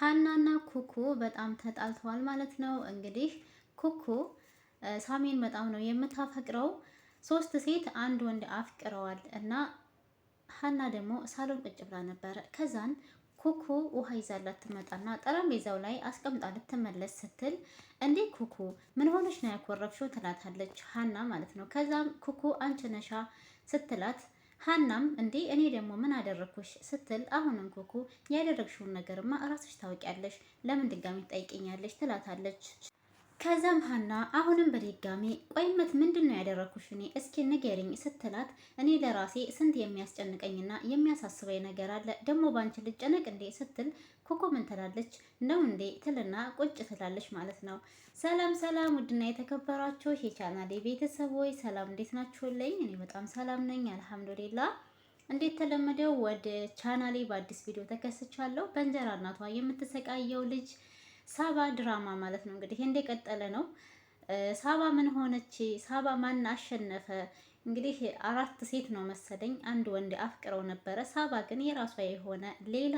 ሀናና ኩኩ በጣም ተጣልተዋል ማለት ነው። እንግዲህ ኩኩ ሳሚን በጣም ነው የምታፈቅረው። ሶስት ሴት አንድ ወንድ አፍቅረዋል እና ሀና ደግሞ ሳሎን ቁጭ ብላ ነበረ። ከዛን ኩኩ ውሃ ይዛላት ትመጣና ጠረጴዛው ላይ አስቀምጣ ልትመለስ ስትል እንዴ ኩኩ ምን ሆነሽ ነው ያኮረፍሽው? ትላታለች ሀና ማለት ነው። ከዛም ኩኩ አንቺ ነሻ ስትላት ሀናም እንዴ እኔ ደግሞ ምን አደረግኩሽ ስትል አሁንም ኩኩ ያደረግሽውን ነገርማ እራስሽ ታውቂያለሽ፣ ለምን ድጋሚ ትጠይቅኛለሽ? ትላታለች። ከዛም ሀና አሁንም በድጋሜ ቆይመት ምንድን ነው ያደረኩሽ እኔ እስኪ ንገሪኝ ስትላት እኔ ለራሴ ስንት የሚያስጨንቀኝና የሚያሳስበኝ ነገር አለ ደግሞ ባንቺ ልጨነቅ እንዴ ስትል ኮኮ ምን ትላለች ነው እንዴ ትልና ቁጭ ትላለች ማለት ነው። ሰላም ሰላም፣ ውድና የተከበራችሁ የቻናሌ ቤተሰቦች ሰላም፣ እንዴት ናችሁልኝ? እኔ በጣም ሰላም ነኝ አልሐምዱሊላ። እንዴት ተለመደው ወደ ቻናሌ በአዲስ ቪዲዮ ተከስቻለሁ። በእንጀራ እናቷ የምትሰቃየው ልጅ ሳባ ድራማ ማለት ነው እንግዲህ እንደቀጠለ ነው። ሳባ ምን ሆነች? ሳባ ማን አሸነፈ? እንግዲህ አራት ሴት ነው መሰለኝ አንድ ወንድ አፍቅረው ነበረ። ሳባ ግን የራሷ የሆነ ሌላ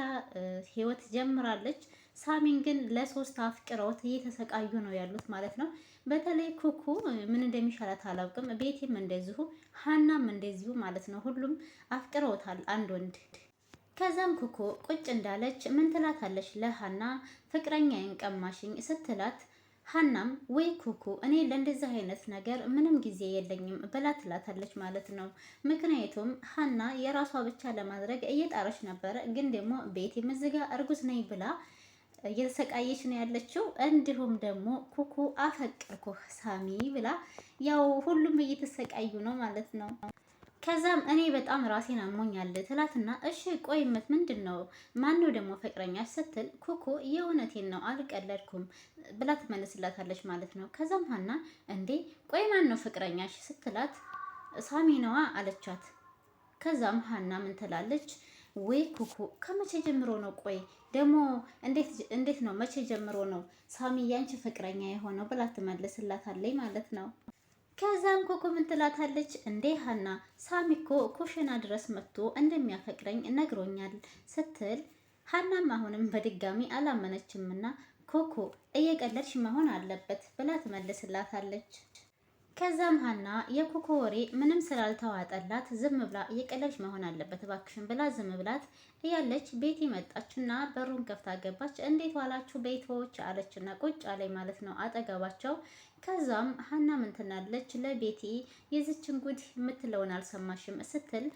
ህይወት ጀምራለች። ሳሚን ግን ለሶስት አፍቅረውት እየተሰቃዩ ነው ያሉት ማለት ነው። በተለይ ኩኩ ምን እንደሚሻላት አላውቅም። ቤቴም እንደዚሁ ሀናም እንደዚሁ ማለት ነው። ሁሉም አፍቅረውታል አንድ ወንድ ከዛም ኩኩ ቁጭ እንዳለች ምን ትላታለች ለሀና ፍቅረኛዬን ቀማሽኝ ስትላት ሀናም ወይ ኩኩ እኔ ለእንደዚህ አይነት ነገር ምንም ጊዜ የለኝም ብላ ትላታለች ማለት ነው። ምክንያቱም ሀና የራሷ ብቻ ለማድረግ እየጣረች ነበረ፣ ግን ደግሞ ቤት የምዝጋ እርጉዝ ነኝ ብላ እየተሰቃየች ነው ያለችው። እንዲሁም ደግሞ ኩኩ አፈቀርኩ ሳሚ ብላ ያው ሁሉም እየተሰቃዩ ነው ማለት ነው። ከዛም እኔ በጣም ራሴን አሞኛል ትላትና፣ እሺ ቆይመት ምንድን ነው ማነው ደግሞ ፍቅረኛሽ ስትል ኩኩ የእውነቴን ነው አልቀለድኩም ብላ ትመልስላታለች ማለት ነው። ከዛም ሀና እንዴ ቆይ ማን ነው ፍቅረኛሽ ስትላት ሳሚ ነዋ አለቻት። ከዛም ሀና ምን ትላለች? ወይ ኩኩ ከመቼ ጀምሮ ነው? ቆይ ደግሞ እንዴት ነው መቼ ጀምሮ ነው ሳሚ ያንቺ ፍቅረኛ የሆነው ብላ ትመልስላታለች ማለት ነው። ከዛም ኮኮ ምን ትላታለች እንዴ ሀና ሳሚኮ ኮሽና ኩሽና ድረስ መጥቶ እንደሚያፈቅረኝ ነግሮኛል ስትል ሀናም አሁንም በድጋሚ አላመነችምና ኮኮ እየቀለድሽ መሆን አለበት ብላ ትመልስላታለች። ከዛም ሀና የኮኮ ወሬ ምንም ስላልተዋጠላት ዝም ብላ እየቀለች መሆን አለበት እባክሽን ብላ ዝም ብላት እያለች ቤቲ መጣችና በሩን ከፍታ ገባች። እንዴት ዋላችሁ ቤቶች አለችና ቁጭ አለኝ ማለት ነው አጠገባቸው። ከዛም ሀና ምን ትናለች ለቤቲ የዚችን ጉድ የምትለውን አልሰማሽም ስትል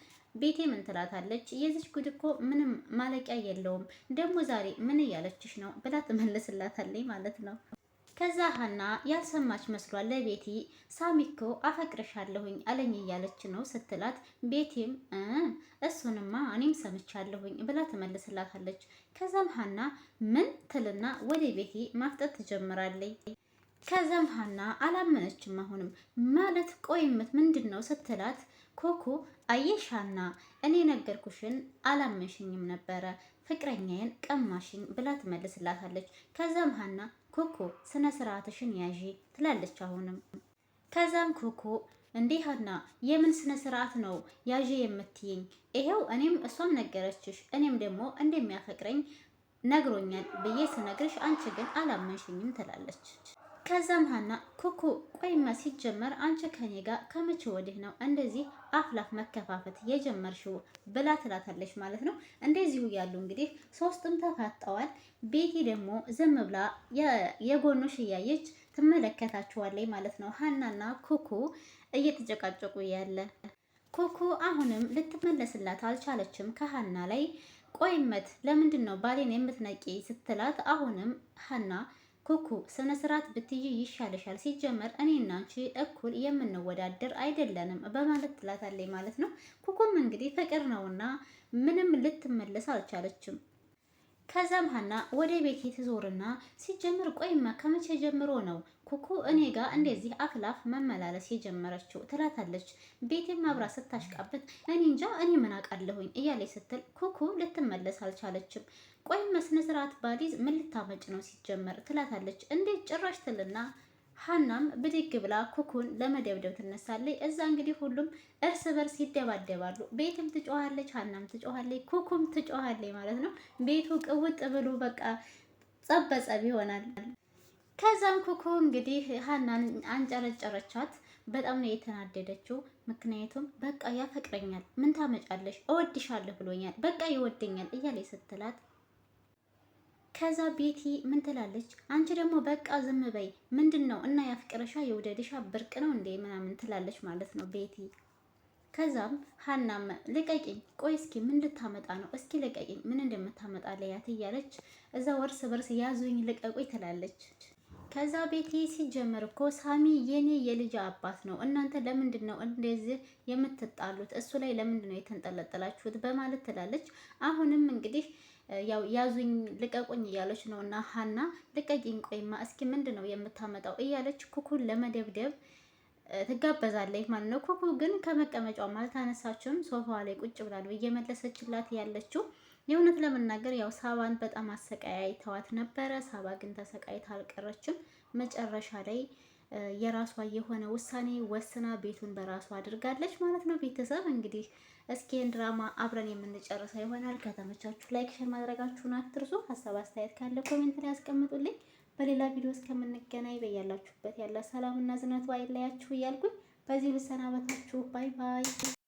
ቤቴ ምን ትላታለች? የዚች ጉድ እኮ ምንም ማለቂያ የለውም ደግሞ ዛሬ ምን እያለችሽ ነው ብላ ትመልስላታለች ማለት ነው። ከዛ ሀና ያልሰማች መስሏል ለቤቲ ሳሚኮ አፈቅርሻለሁኝ አለኝ እያለች ነው ስትላት፣ ቤቲም እሱንማ እኔም ሰምቻለሁኝ ብላ ትመልስላታለች። ከዛም ሀና ምን ትልና ወደ ቤቲ ማፍጠት ትጀምራለች። ከዛም ሀና አላመነችም። አሁንም ማለት ቆይምት ምንድን ነው ስትላት፣ ኮኩ አየሻና እኔ ነገርኩሽን አላመንሽኝም ነበረ ፍቅረኛዬን ቀማሽኝ ብላ ትመልስላታለች። ከዛም ሀና ኮኮ ስነ ስርዓትሽን ያዢ ትላለች። አሁንም ከዛም ኮኮ እንዴ ሀና የምን ስነ ስርዓት ነው ያዢ የምትይኝ? ይሄው እኔም እሷም ነገረችሽ፣ እኔም ደግሞ እንደሚያፈቅረኝ ነግሮኛል ብዬ ስነግርሽ አንቺ ግን አላመንሽኝም ትላለች። ከዛም ሀና ኩኩ ቆይማ ሲጀመር አንቺ ከኔ ጋር ከመቼ ወዲህ ነው እንደዚህ አፍላፍ መከፋፈት የጀመርሽው ብላ ትላታለች ማለት ነው። እንደዚሁ ያሉ እንግዲህ ሶስቱም ተፋጠዋል። ቤቲ ደግሞ ዝም ብላ የጎንሽ እያየች ትመለከታችኋለች ማለት ነው። ሀናና ኩኩ እየተጨቃጨቁ ያለ ኩኩ አሁንም ልትመለስላት አልቻለችም ከሀና ላይ ቆይመት ለምንድን ነው ባሌን የምትነቂ ስትላት አሁንም ሀና ኩኩ ስነ ስርዓት ብትይ ይሻልሻል። ሲጀመር እኔ አንቺ እኩል የምንወዳደር አይደለንም በማለት ትላታለች ማለት ነው። ኩኩም እንግዲህ ፍቅር ነውና ምንም ልትመለስ አልቻለችም። ከዛም ሀና ወደ ቤት ትዞርና ሲጀምር ቆይማ ከመቼ ጀምሮ ነው ኩኩ እኔ ጋር እንደዚህ አክላፍ መመላለስ የጀመረችው ትላታለች። ቤቴ ማብራ ስታሽቃበት እኔ እንጃ እኔ ምን አውቃለሁኝ እያለች ስትል ኩኩ ልትመለስ አልቻለችም። ቆይ ስነ ስርዓት ባሊዝ ምን ልታመጭ ነው ሲጀመር ትላታለች። እንዴት ጭራሽ ትልና ሀናም ብድግ ብላ ኩኩን ለመደብደብ ትነሳለች። እዛ እንግዲህ ሁሉም እርስ በርስ ይደባደባሉ። ቤትም ትጮኋለች፣ ሀናም ትጮኋለች፣ ኩኩም ትጮኋለች ማለት ነው። ቤቱ ቅውጥ ብሎ በቃ ጸበጸብ ይሆናል። ከዛም ኩኩ እንግዲህ ሀናን አንጨረጨረቻት። በጣም ነው የተናደደችው። ምክንያቱም በቃ ያፈቅረኛል፣ ምን ታመጫለሽ? እወድሻለሁ ብሎኛል፣ በቃ ይወደኛል እያለ ስትላት ከዛ ቤቲ ምን ትላለች? አንቺ ደግሞ በቃ ዝም በይ ምንድን ነው እና ያፍቅረሻ የውደድሻ ብርቅ ነው እንዴ ምናምን ትላለች ማለት ነው ቤቲ። ከዛም ሀናም ልቀቂኝ፣ ቆይ እስኪ ምን ልታመጣ ነው? እስኪ ልቀቂኝ፣ ምን እንደምታመጣ ለያት እያለች እዛ እርስ በርስ ያዙኝ ልቀቁኝ ትላለች። ከዛ ቤቲ ሲጀመር እኮ ሳሚ የኔ የልጅ አባት ነው፣ እናንተ ለምንድን ነው እንደዚህ የምትጣሉት? እሱ ላይ ለምንድን ነው የተንጠለጠላችሁት? በማለት ትላለች። አሁንም እንግዲህ ያው ያዙኝ ልቀቁኝ እያለች ነው እና ሀና ልቀቂኝ፣ ቆይማ እስኪ ምንድን ነው የምታመጣው እያለች ኩኩን ለመደብደብ ትጋበዛለች ማለት ነው። ኩኩ ግን ከመቀመጫው ማለት አነሳችውም ሶፋ ላይ ቁጭ ብላል እየመለሰችላት ያለችው የእውነት ለመናገር ያው ሳባን በጣም ተዋት ነበረ። ሳባ ግን ተሰቃይታ አልቀረችም መጨረሻ ላይ የራሷ የሆነ ውሳኔ ወስና ቤቱን በራሷ አድርጋለች ማለት ነው። ቤተሰብ እንግዲህ እስኪን ድራማ አብረን የምንጨርሰው ይሆናል። ከተመቻችሁ ላይክ፣ ሼር ማድረጋችሁን አትርሱ። ሀሳብ አስተያየት ካለ ኮሜንት ላይ ያስቀምጡልኝ። በሌላ ቪዲዮ እስከምንገናኝ በያላችሁበት ያለ ሰላምና ዝነቱ አይለያችሁ እያልኩኝ በዚህ ልሰናበታችሁ። ባይ ባይ